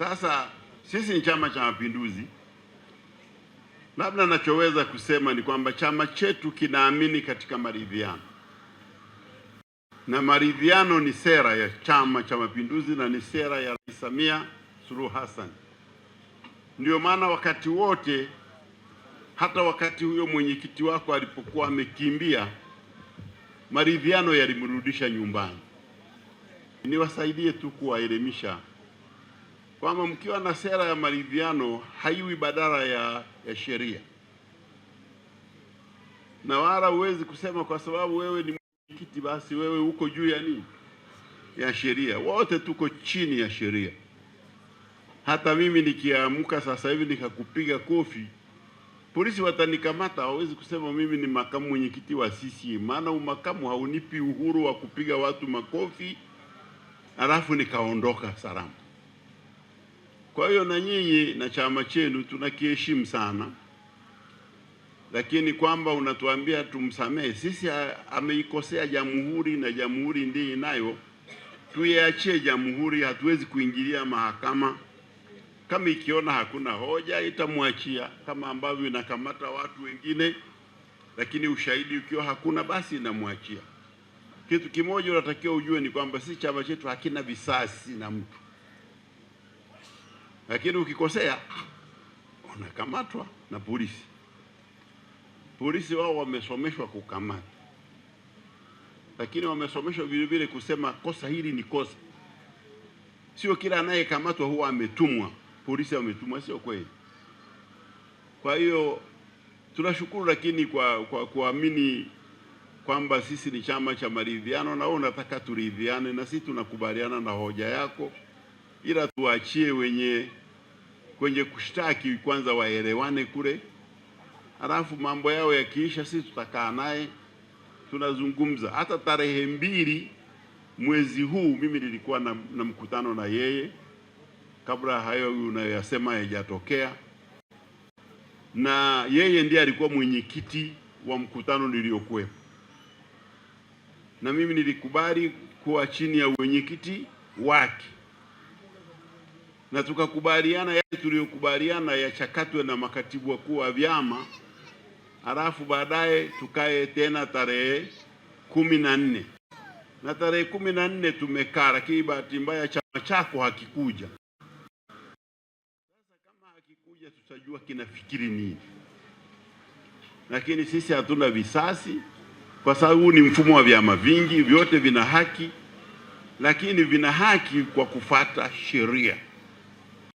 Sasa sisi ni Chama cha Mapinduzi. Labda nachoweza kusema ni kwamba chama chetu kinaamini katika maridhiano, na maridhiano ni sera ya Chama cha Mapinduzi na ni sera ya Rais Samia Suluhu Hassan. Ndio maana wakati wote, hata wakati huyo mwenyekiti wako alipokuwa amekimbia, maridhiano yalimrudisha nyumbani. Niwasaidie tu kuwaelimisha kwamba mkiwa na sera ya maridhiano haiwi badala ya, ya sheria, na wala huwezi kusema kwa sababu wewe ni mwenyekiti basi wewe uko juu ya nini ya sheria. Wote tuko chini ya sheria. Hata mimi nikiamka sasa hivi nikakupiga kofi, polisi watanikamata, Hawezi kusema mimi ni makamu mwenyekiti wa CCM, maana umakamu haunipi uhuru wa kupiga watu makofi alafu nikaondoka salama. Kwa hiyo na nyinyi na chama chenu tunakiheshimu sana, lakini kwamba unatuambia tumsamehe sisi, ameikosea jamhuri na jamhuri ndiye inayo, tuiachie jamhuri. Hatuwezi kuingilia mahakama. Kama ikiona hakuna hoja itamwachia, kama ambavyo inakamata watu wengine, lakini ushahidi ukiwa hakuna, basi inamwachia. Kitu kimoja unatakiwa ujue ni kwamba sisi chama chetu hakina visasi na mtu lakini ukikosea unakamatwa na polisi. Polisi wao wamesomeshwa kukamata, lakini wamesomeshwa vile vile kusema kosa hili ni kosa. Sio kila anayekamatwa huwa ametumwa polisi, ametumwa, sio kweli. Kwa hiyo tunashukuru, lakini kwa kwa kuamini kwamba sisi ni chama cha maridhiano na wewe unataka turidhiane, na sisi tunakubaliana na hoja yako, ila tuachie wenye kwenye kushtaki kwanza waelewane kule, halafu mambo yao yakiisha, sisi tutakaa naye tunazungumza. Hata tarehe mbili mwezi huu mimi nilikuwa na, na mkutano na yeye kabla hayo unayoyasema yajatokea, na yeye ndiye alikuwa mwenyekiti wa mkutano niliokuwepo, na mimi nilikubali kuwa chini ya wenyekiti wake na tukakubaliana yale tuliyokubaliana yachakatwe na makatibu wakuu wa vyama, halafu baadaye tukae tena tarehe kumi na nne na tarehe kumi na nne tumekaa, lakini bahati mbaya chama chako hakikuja. Sasa kama hakikuja, tutajua kinafikiri nini, lakini sisi hatuna visasi, kwa sababu huu ni mfumo wa vyama vingi, vyote vina haki, lakini vina haki kwa kufata sheria.